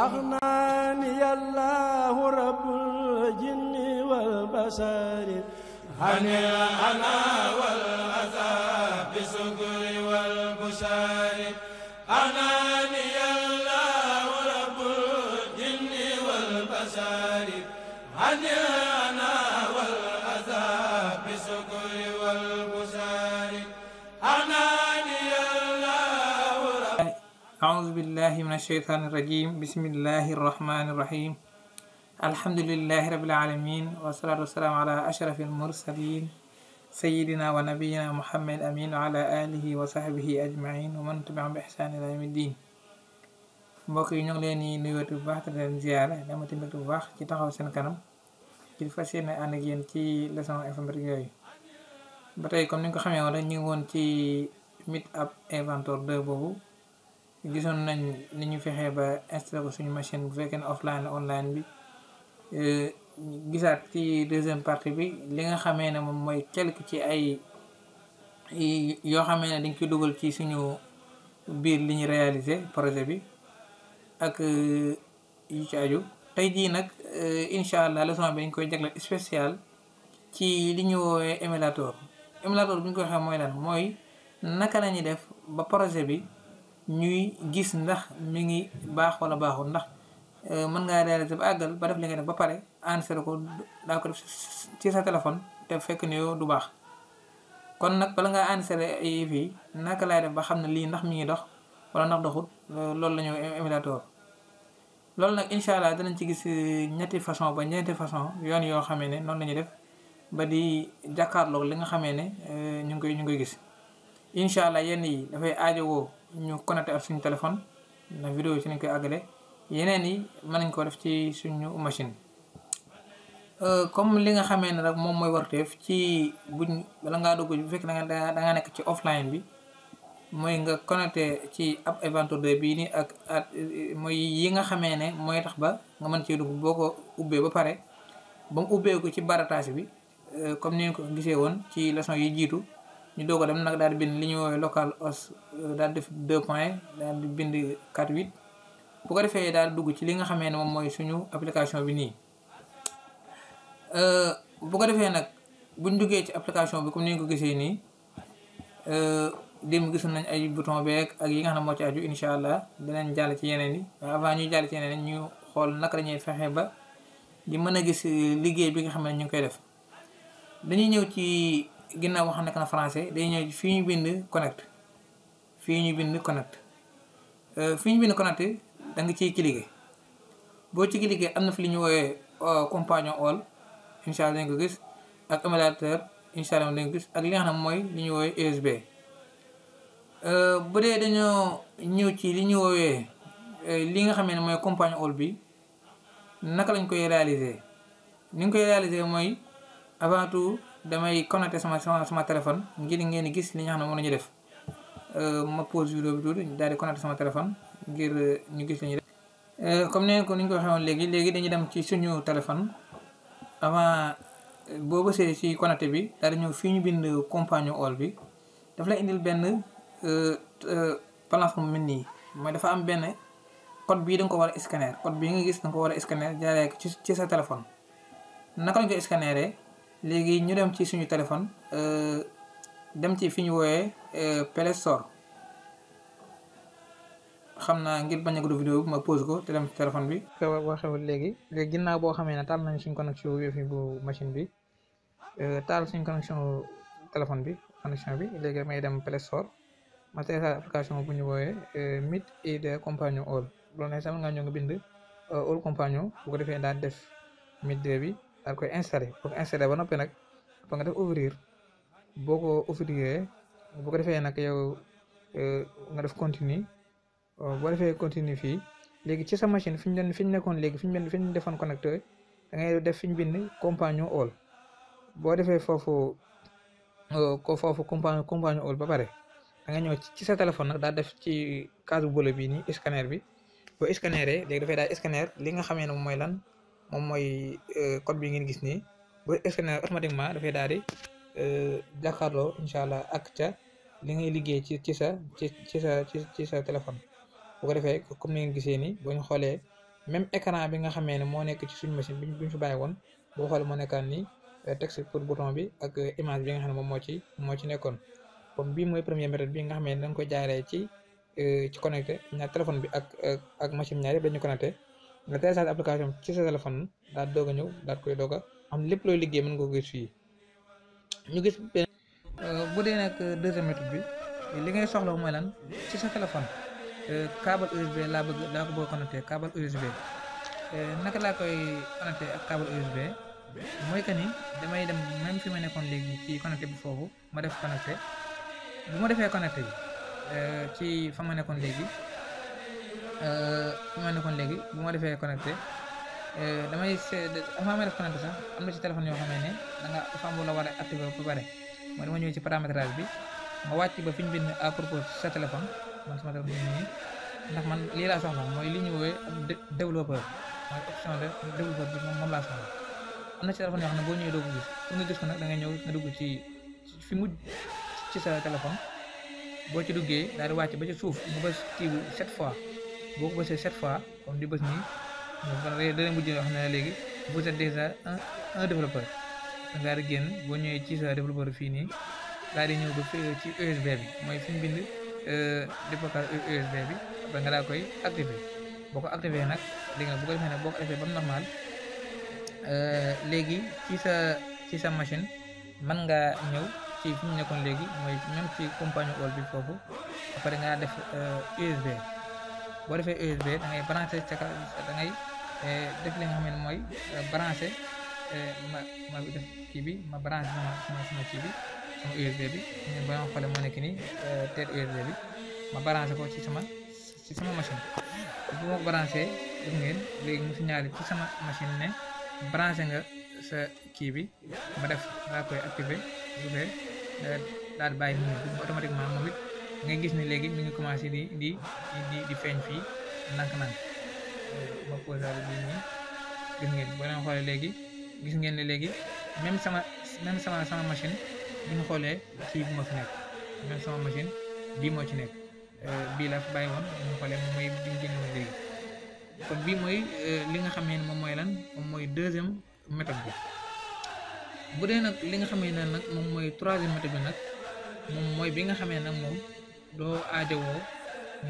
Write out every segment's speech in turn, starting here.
أغناني الله رب الجن والبشر هني أنا والأذى بالشكر والبشر أنا بالله من الشيطان الرجيم بسم الله الرحمن الرحيم الحمد لله رب العالمين والصلاة والسلام على أشرف المرسلين سيدنا ونبينا محمد أمين وعلى آله وصحبه أجمعين ومن تبعهم بإحسان إلى يوم الدين mbokk yi ñoo ngi leen di nuyuwaat bu baax te di leen ziyaare dama tamit bu baax ci taxaw seen kanam ngir fas yéene ànd ak yéen ci leçon éphémère yooyu ba tey comme ni nga ko xamee woon rek ñu ngi woon ci meet up inventor 2 boobu gisoon nañ ni ñu fexee ba installé suñu machine bu fekkee ne offline online bi gisaat ci deuxième partie bi li nga xamee ne moom mooy quelque ci ay yoo xamee ne dañ koy dugal ci suñu biir li ñu réaliser projet bi ak yu ci aju tey jii nag incha allah leçon bi dañ koy jagleel spécial ci li ñu woowee émulateur émulateur bi ñu koy xam mooy lan mooy naka la def ba projet bi ñuy gis ndax mi ngi baax wala baaxul ndax euh, mën ngaa réaliser ba àggal ba def li nga def ba pare enregistré ko daa ko def ci sa téléphone te fekk ni yow du baax kon nag bala ngaa enregistré yëf yi naka laay def ba xam ne lii ndax mi ngi dox wala ndax doxul euh, loolu la ñu émulateur loolu nag incha allah danañ ci gis euh, ñetti façon ba ñeenti façon yoon yoo xamee ne noonu la def ba di jàkkaarloog li nga xamee ne ñu ngi koy ñu ngi koy gis incha allah yenn yi dafay aajowoo ñu connecté ak suñu téléphone na vidéo ci lañ koy agalé yeneen yi mën nañ ko def ci suñu machine euh comme li nga xamé ne rek mom moy wartef ci buñ la nga dugg bu fekk da nga da nga nekk ci offline bi moy nga connecté ci app Inventor 2 bi ni ak moy yi nga xamé ne moy tax ba nga mën ci dugg boko ubbé ba paré bam ubbé ko ci baratage bi euh, comme ni ko gisé won ci leçon yi jitu ñu doog a dem nag daal di bind li ñu woowee local os euh, daal def deux points daal di bind 4 8 bu ko defee daal di dugg ci li nga xamee ne moom suñu application bi nii euh, bu ko defee nag buñ duggee ci application bi comme ni ñu ko gisee nii euh, démb gisoon nañ ay bouton beeg ak yi nga xam ne moo ci aju incha allah beneen jàll ci yeneen yi avant ñuy jàll ci yeneen ñu xool naka dañuy fexe ba di mën a gis liggéey bi nga xam ne ñu ngi koy def dañuy ñëw ci. ginnaaw boo xam nekk na français day ñëw fii ñu bind fii ñu bind connect euh, fii ñu bind connect da nga ciy cliquer boo ci am na fi li ñu woowee euh, compagnon all incha allah ak émulateur incha allah gis ak li nga xam ne mooy li ñu woowee USB euh, bu dee dañoo ñëw ci li ñu woowee li nga xam ne mooy compagnon all bi naka lañ koy réaliser ni nga koy réaliser mooy avant tout damay connecté sama sama sama téléphone ngir ngeen di gis li nga xam moom la ñu def euh, ma pause vidéo bi tuuti daal di sama téléphone ngir euh, ñu gis li ñu euh, comme ni ko ni ñu ko waxee léegi léegi dañuy dem ci suñu téléphone avant boo bësee ci bi daal ñëw fii ñu bind compagnon all bi daf lay indil benn plateforme mu mel nii mooy dafa am benn code bii da ko war a scanner code bii nga gis da nga ko war ci sa téléphone naka lañ ko scanneree. léegi ñu dem ci suñu téléphone euh dem ci fiñu woyé euh Play Store xamna ngir bañ a vidéo ma pause ko té dem ci téléphone bi. ko waxé waxewul léegi léegi ginnaw bo xamé na tal nañ suñu connexion wifi bu machine bi euh tal suñu connexion téléphone bi connexion bi léegi may dem Play Store ma té sa application bu ñu woyé euh Meet ID Companion All loolu né sama nga ñu ngi bind euh, All Companion bu ko défé da def Meet bi. daal koy installé boo ba noppi nag ba nga def ouvrir boo ko ouvriree boo ko defee nag yow euh, nga def continue boo defee continue fii léegi ci sa machine fi ñu doon fi ñu nekkoon léegi fi ñu bind fi ñu defoon connecteur da ngay def fi ñu bind compagnon all boo defee foofu euh, ko foofu compagnon compagnon all ba pare da nga ñëw ci sa téléphone nag daal def ci case bu bële bii nii scanner bi boo scanneree léegi dafay daal scanner li nga xamee ne moom mooy lan moom mooy euh, code bi ngeen gis ni bu scanné automatiquement dafay daal di euh, jàkkaarloo incha allah ak ca li ngay liggéey ci ci sa ci ci sa ci sa téléphone bu ko defee comme ni ngeen gisee nii boo ñu xoolee même écran bi nga xamee ne moo nekk ci suñu machine bi ñu fi bàyyi woon boo xoolee moo nekkaan nii euh, texte pour bouton bi ak image bi nga xam ne moom moo ci moo ci nekkoon comme bii mooy premier méthode bi nga xamee ne dañ ko jaaree ci ci connecté ñaar téléphone bi ak ak machine ñaar yëpp dañu connecté nga télécharge application ci sa téléphone daal doog a ñëw daal koy doog a am lépp looy liggéey mën nga ko gis fii ñu gis benn euh, bu dee nag euh, deuxième méthode bi li ngay soxla mooy lan ci sa téléphone euh, câble USB laa bëgg laa ko bëgg a connecté USB naka laa koy connecté ak mooy que damay dem même fi ma nekkoon léegi ci connecté bi foofu ma def connecté bu ma defee connecté yi ci fa ma nekkoon léegi Euh, fi ma nekkoon léegi bu ma defee euh, damay avant ma def connecté am na ci téléphone yoo xam ne da nga dafa am a activé ba pare mooy ñëw ci paramétrage bi nga wàcc ba fi ñu bind à propos sa téléphone man sama téléphone bi nii ndax man lii mooy li ñu woowee développeur mooy option de développeur bi moom moom laa soxla am na ci téléphone yoo xam ne boo ñëwee doo ko gis pour nga gis ko nag da ñëw nga dugg ci fi mujj ci sa téléphone boo ci duggee daal di wàcc ba ci suuf mu bës kii bi sept fois boo ko bësee sept fois kon di bës nii nga kon bu mujj wax na léegi vous êtes déjà un un nga di génn boo ñëwee ci sa développeur fii nii daal di ñëw ba ci USB bi mooy fi bind euh, dépocar USB bi après nga daa koy activé boo ko activé nag léegi nag bu ko boo ko defee ba mu normal euh, léegi ci sa ci sa machine man nga ñëw ci fi mu nekkoon léegi mooy même ci compagnie wol bi foofu après nga def USB euh, boo defee USB e da ngay branché ca eh, def li mooy eh, branché eh, ma ma def bi ma branché sama kii bi sama USB e bi nekk nii tête USB e bi ko ci sama ci sama machine bu ma branché def ngeen léegi mu signalé ci sama machine ne branché nga sa kii bi ma def daa koy activé bu daal di bàyyi mu automatiquement moom it nga gis ni legui mi ngi commencé di di di di feeñ fi nank-nank ma ko dal bi ni gis ngeen bo leen xolé legui gis ngeen ni legui même sama même sama sama machine bu ñu xolé ci bu ma fi nek même sama machine bi mo ci nek euh bi la bàyyi bay won ñu xolé moom mooy bi ñu génne woon kon bi moy eh, li nga xamé ne moom mooy lan moom mooy deuxième méthode bi bu dee nak li nga xamé ne nag moom mooy troisième méthode bi nak moom moy bi nga xamé nak moom doo aajowoo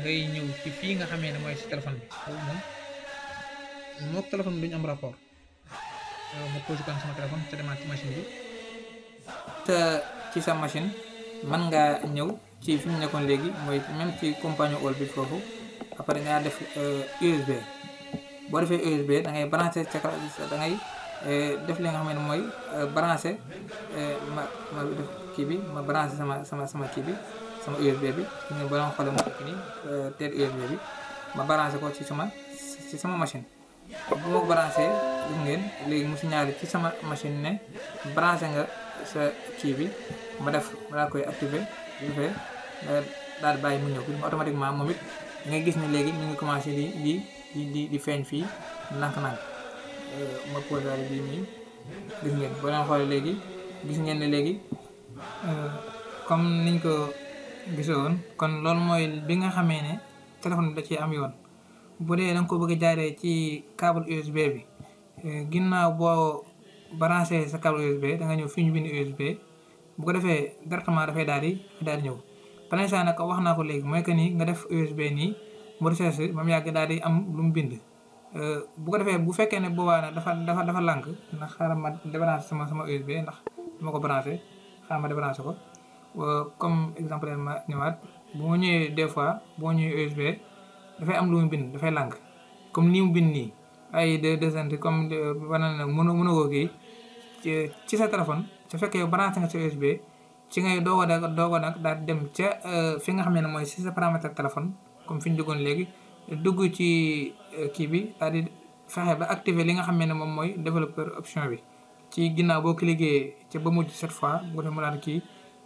ngay ñëw ci fii nga xamee ne mooy si téléphone bi boobu moom téléphone bi duñu am rapport ma posé ko sama téléphone demaat ci machine bi te ci sa machine mën nga ñëw ci fi mu nekkoon léegi mooy même ci compagnie wall bi foofu après nga def USB euh, boo defee USB dangay ngay branché sa da ngay euh, def li nga xam ne mooy euh, branché ma ma def kii bi ma branché sama sama sama kii bi sama USB bi ñu balance ko dem ni tel USB bi ma balancer ko ci sama ci sama machine bu mo balancer gis ngeen léegi mu signal ci sama machine ne branché nga sa kii bi ma def ma la ya, koy ya, activer ya. eh, ñu fe dal bay mu ñëw automatiquement momit ngay gis ni léegi ñu ngi commencer di di di di fi nak nak euh ma dal bi ni gis ngeen boo leen xoolee gis ngeen ne euh comme niñ ko gisoon kon lool mooy bi nga xamee ne téléphone da ci am yoon bu dee da ko bëgg jaaree ci câble USB bi eh, ginnaaw boo branché sa câble USB da nga ñëw fi ñu bind USB bu ko defee directement dafay daal di daal ñëw par exemple nag wax naa ko léegi mooy que ni nga def USB nii mu recherche ba mu yàgg daal di am lu mu bind eh, bu ko defee bu fekkee ne boobaa na dafa dafa dafa lank ndax xaaral ma débranché sama sama USB ndax dama ko branché xaaral ma débranché ko Euh, comme exemple ma ñëwaat bu ma ñëwee des fois boo ñëwee USB dafay am lu mu bind dafay lànk comme ni mu bind nii ay descente comme banal euh, nag mën a mën a woo kii ci sa téléphone su fekkee branché nga sa USB ci ngay doog a doog a nag daal dem ca euh, fi nga xam ne mooy si sa paramètre téléphone comme fi ñu duggoon léegi dugg ci kii bi daal di fexe activer li nga xam ne moom mooy développeur option bi ci ginnaaw boo ki cliqué ci ba mujj cette fois nga dem daal kii.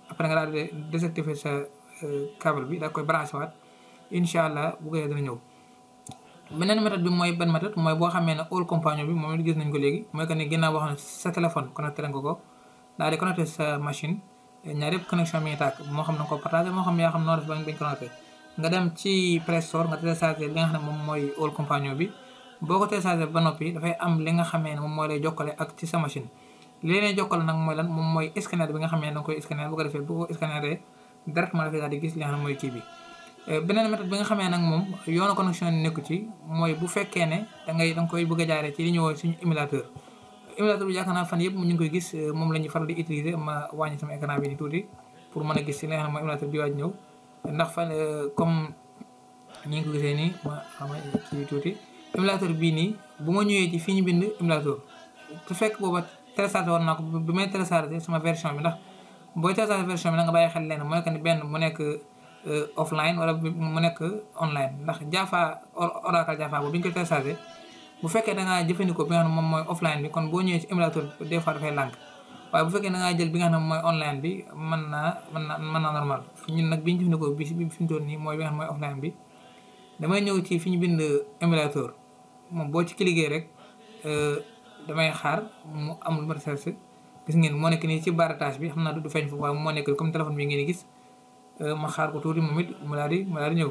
après nga daal di désactiver sa euh, câble bi daa koy branché waat incha allah bu ko defee dana ñëw. beneen méthode bi mooy benn méthode mooy boo xamee ne all compagnon bi moom it nañ ko léegi mooy que ni sa téléphone connecté nga ko daal machine ñaar yëpp connexion mi ngi moo xam ne nga ko partagé moo xam xam noo def ba ñu connecté nga dem ci Play Store nga téléchargé li nga xam ne moom mooy all compagnon bi boo ko téléchargé ba noppi dafay am li nga xamee ne moom mooy lay jokkale ak ci sa machine. li leen jokkal nag mooy lan moom mooy scanner bi nga xam ne danga koy scanner bu ko defee bu ko scanneree directement dafay daal xam ne mooy kii bi. Euh, beneen méthode bi nga xamee nag moom yoonu connexion nekku ci mooy bu fekkee ne dangay danga koy bëgg a jaaree ci li ñëw woo suñu émulateur émulateur bi yaakaar naa fan yëpp ñu koy gis euh, moom la ñuy faral di utiliser ma wàññi bi ni tuuti pour mën gis li nga xam ne mooy émulateur bi waaj ñëw ndax fa euh, comme ñi ngi ko gisee nii ma xama kii tuuti émulateur bii nii bu ma ñëwee ci fi ñu bind émulateur te fekk booba téléchargé woon naa ko bi may téléchargé sama version bi ndax booy téléchargé version bi na nga bàyyi xel leen mooy que ni benn mu nekk euh, offline mu nekk online ndax Java Oracle Java boobu bi ñu ko téléchargé bu fekkee da jëfandikoo bi nga xam moom mooy offline bi kon boo ñëwee ci émulateur bi des fois dafay lànk waaye bu fekkee da jël bi nga xam bi mën naa mën naa mën naa ñun nag bi ñu jëfandikoo bi fi ñu doon nii mooy bi nga xam mooy offline bi damay ñëw ci fi ñu bind émulateur moom boo ci cliquer rek euh, damay xaar mu am lu ma recherche gis ngeen moo nekk nii ci baratage bi xam naa du feeñ foofu waaye moo nekk comme téléphone bi ngeen gis euh, ma xaar ko tuuti moom it mu daal di mu daal di ñëw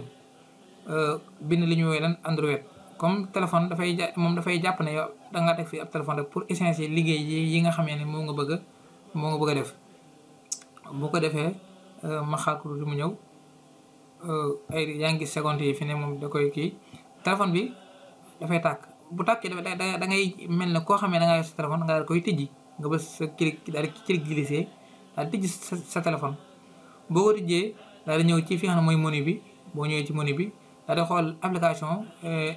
euh, woowee lan Android comme téléphone dafay ja moom dafay jàpp ne yow da ngaa teg fii ab téléphone pour essentiel liggéey yi nga xamee ne moo nga bëgg moo nga bëgg a def bu ko defee euh, ma xaar mu ñëw ay yaa ngi gis seconde yi fi ne moom da koy kii téléphone bi dafay tàkk. bu tàkkee dafa da da ngay mel ne koo xam ne da ngaa sa téléphone nga daal koy tijji nga bës sa clic daal di clic glissé daal tijji sa sa téléphone. boo ko tijjee daal ñëw ci fi nga xam mooy menu bi boo ñëwee ci menu bi daal di xool application eh,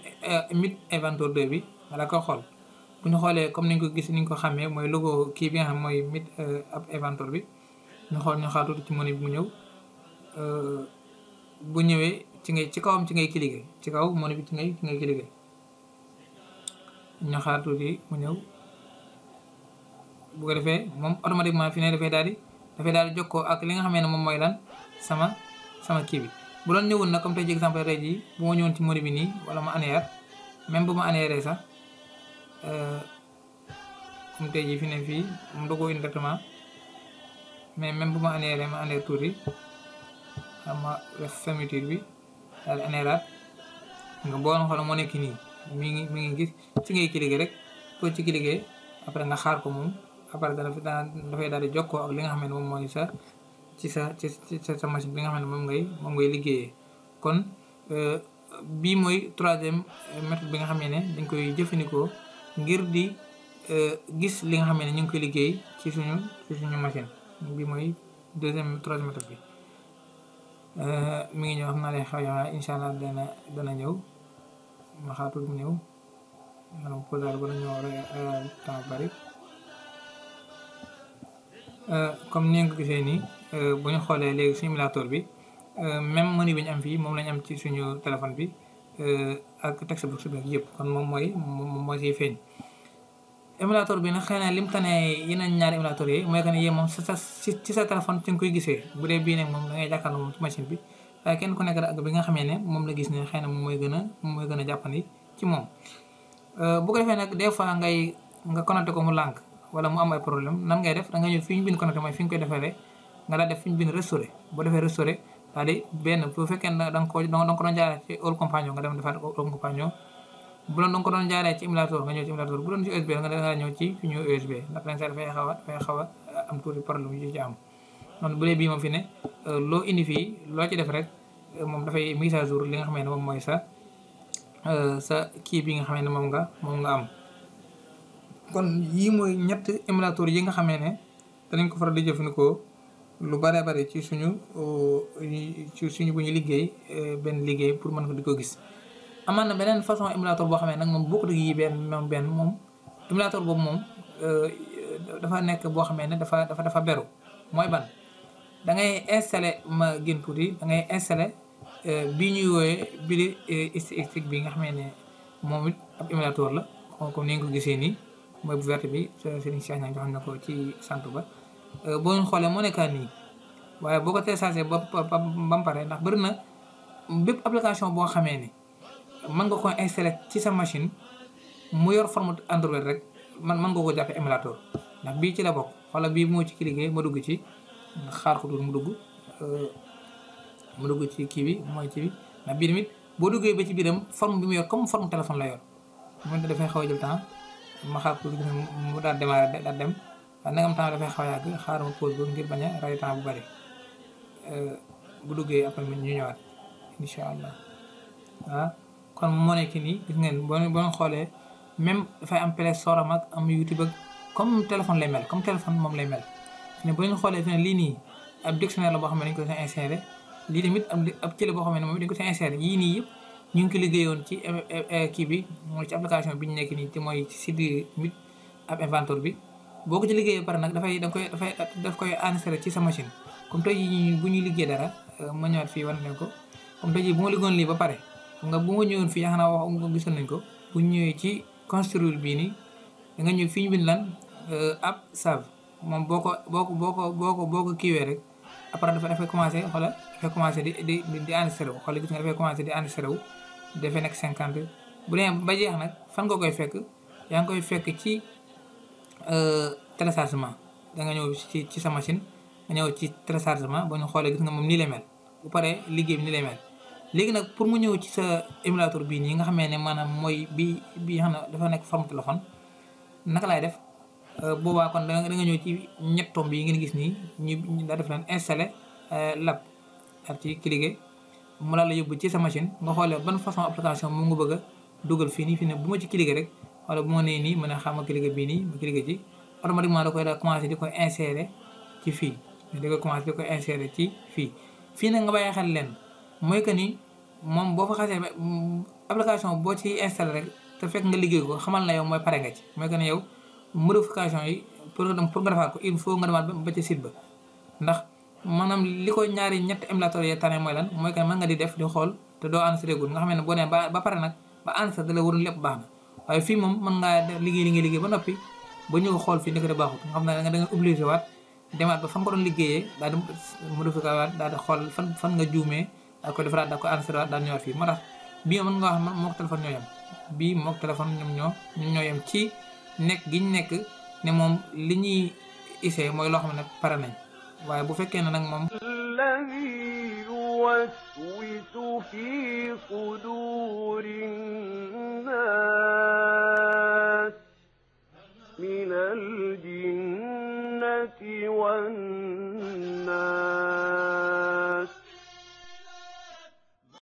Mid Inventor 2 bi daal ko xool. bu ñu xoolee comme ni ko gis ni ñu ko xamee mooy logo kii bi nga mooy Mid eh, ab bi ñu xool ñu xaar ci menu bi mu ñëw eh, bu ñëwee ci ngay ci kawam ci ngay cliquer ci kaw menu bi ci ngay ci ngay ñu xaar tuuti mu ñëw bu ko defee moom automatiquement fi ne dafay daal di dafay daal di jokkoo ak li nga xamee ne moom mooy lan sama sama kii bi bu doon ñëwoon nag comme tey ji exemple tey jii bu ma ñëwoon ci menu bi nii wala ma anéer même bu ma anéeree sax euh, comme tey ji fi ne fii moom dogoo indirectement mais même bu ma anéeree ma anéer tuuti xam ma def fermeture bi daal di anéeraat nga boo xool moo nekk nii mi ngi mi ngi gis ci ngay cliquer rek boo ci ki liggéey après nga xaar ko moom après dana dafay daal di jokkoo ak li nga xam ne moom mooy sa ci sa ci sa sa bi nga xam ne moom ngay moom ngay liggéeyee kon euh, bii mooy troisième méthode bi nga xam ne dañ koy jëfandikoo ngir di euh, gis li nga xam ne ñu ngi koy liggéey ci suñu ci suñu machine bi mooy deuxième troisième méthode bi euh, mi ngi ñëw xam naa ne xaw ya incha allah dana dana ñëw Mahatul ñëw maanaam ko daal war a ñëw temps bari comme ni nga ko gisee nii bu ñu xoolee simulateur bi même eh, menu bi am fii moom lañ am ci suñu téléphone bi ak textbook bi ak yëpp kon moom mooy moom mooy siy feeñ émulateur bi nag xëy na lim tane yeneen ñaari émulateur yi mooy que ne yéen moom sa sa ci sa téléphone ci nga koy bu dee da ngay ci machine bi waaye kenn ku nekk rek ak bi nga xamee ne moom la gis ne xëy na moom mooy gën a moom mooy gën a jàppandi ci moom euh, bu ko defee nag des fois ngay nga ko mu lànk wala mu am ay ngay def da nga ñëw fi ñu mooy daal def fi ñu bind restauré boo defee restauré daal di benn bu fekkee da ko da nga ko doon jaaree ci all compagnon nga dem defaat all compagnon bu doon da nga ko doon jaaree ci nga ñëw nga ñëw ci fi ñu USB ndax dañ see dafay xaw a dafay xaw a am problème yu ci am kon bu dee bii moom fi ne euh, loo indi fii loo ci def rek euh, moom dafay mise à jour li nga xam ne moom mooy sa euh, sa kii bi nga xam ne moom nga moom nga am kon yii mooy ñett émulateur yi nga xamee ne danañ ko faral di jëfandikoo lu bare bare ci suñu ci suñu bu ñu liggéey benn liggéey pour mën ko di ko gis amaan na beneen façon émulateur boo xam ne nag moom bokkut ak yi benn moom benn moom émulateur boobu moom dafa nekk boo xamee ne dafa dafa dafa beru mooy ban da ngay installé ma gën tuuti dangay ngay installé euh, bi ñuy wooyee bi di euh, statistique bi nga xamee ne moom it ab émulateur la comme ni nga ko gisee nii mooy bu verte bi Serigne Cheikh Niang joxoon na ko ci sant ba euh, boo xoolee moo nekkaa nii waaye boo ko téléchargé ba ba pare ndax bëri na bépp application boo xamee ni mën nga ko installé ci sa machine mu yor forme Android rek man man nga ko jàppe émulateur ndax bii ci la bokk wala bi moo ci cliqué ma dugg ci nga xaar ko tuuti mu dugg euh, mu dugg ci kii bi mooy kii bi ndax biir boo duggee ba ci biiram forme bi mu yor comme forme téléphone la yor moom dafay xaw a jël temps ma mu daal démarré daal dem waaye am temps dafay xaw a yàgg xaaral ma pause boobu ngir a bu bari euh, bu duggee après ñu ñëwaat incha allah ah kon moo nekk nii gis ngeen boo boo xoolee même dafay am Play Store am ak am YouTube ak comme téléphone lay mel comme téléphone moom lay mel. ne bu ñu xoolee fi ne lii nii ab dictionnaire la boo xam ne dañu ko see inséré lii tamit ab ci la boo xam ne moom dañu ko see inséré yii nii yëpp ñu ngi ko liggéeyoon ci kii bi mooy ci application bi ñu nekk nii ci mooy site mit ab inventor bi boo ko ci liggéeyee pare nag dafay da koy dafay daf koy enregistré ci sa machine comme tey jii bu ñuy liggéey dara euh, ma ñëwaat fii wan leen ko comme tey jii bu ma liggéeyoon lii ba pare xam nga bu ma ñëwoon fii yaa xanaa wax nga gisoon nañ ko bu ñëwee ci construire bii nii da nga ñëw fi ñu bind lan euh, ab save moom boo ko boo ko boo ko boo ko boo ko kiiwee rek après dafa dafay commencé xoola dafay commencé di di di enregistré wu xoola gis nga dafay commencé di enregistré wu dafay nekk cinquante bu dee ba jeex nag fan koy fekk yaa ngi koy fekk ci euh, téléchargement da nga ñëw ci ci sa machine nga ñëw ci téléchargement ba ñu xoolee gis nga moom nii lay bu paree liggéey bi nii lay mel léegi nag pour mu ñëw ci sa émulateur bii nii nga xamee ne maanaam mooy bi bi nga xam ne dafa nekk forme téléphone naka lay def Euh, boobaa kon da nga ñëw ci ñett tomb yi ngeen gis nii ñu daa def naan installé euh, lab daal ci cliquer mu la la yóbbu ci sa machine nga xoolee ban façon application mu nga bëgg dugal fii nii fii ne bu ma ci cliquer rek wala bu ma nee nii mën a xam ma cliquer bii nii ma cliquer ci automatiquement ma koy daal commencé di ko insérer ci fii da commencé di ko ci fii fii nag nga bàyyi xel leen mooy que ni moom boo fa xasee mm, application boo ci installé rek te fekk nga liggéey ko xamal na yow mooy par nga mooy que ni yow modification yi pour nga pour nga defaat ko il faut nga demaat ba ci site ba ndax manam liko ñaari ñet emulator ya tane moy lan moy que mën nga di def di xol te doo enregistré gul nga bo ne ba ba pare nag ba enregistré da la wurul lepp baax na waaye fii moom mën ngaa def liggéey li ba nopi ba ñu xol fi nek da baxu nga xam nga da nga obligé wat demat ba fam ko don liggeye da dem modifié wat da di xool fan fan nga juumee ak ko defaraat da ko enregistré wat da ñëwaat fi mo tax bi mën nga wax mo téléphone ñoo yem bii mook téléphone ñoom ñoo ñoyam ci nekk gi ñu nekk ne moom li ñuy essayé mooy loo xam ne pare nañ waaye bu fekkee ne nag moom يوسوس في صدور الناس من الجنة والناس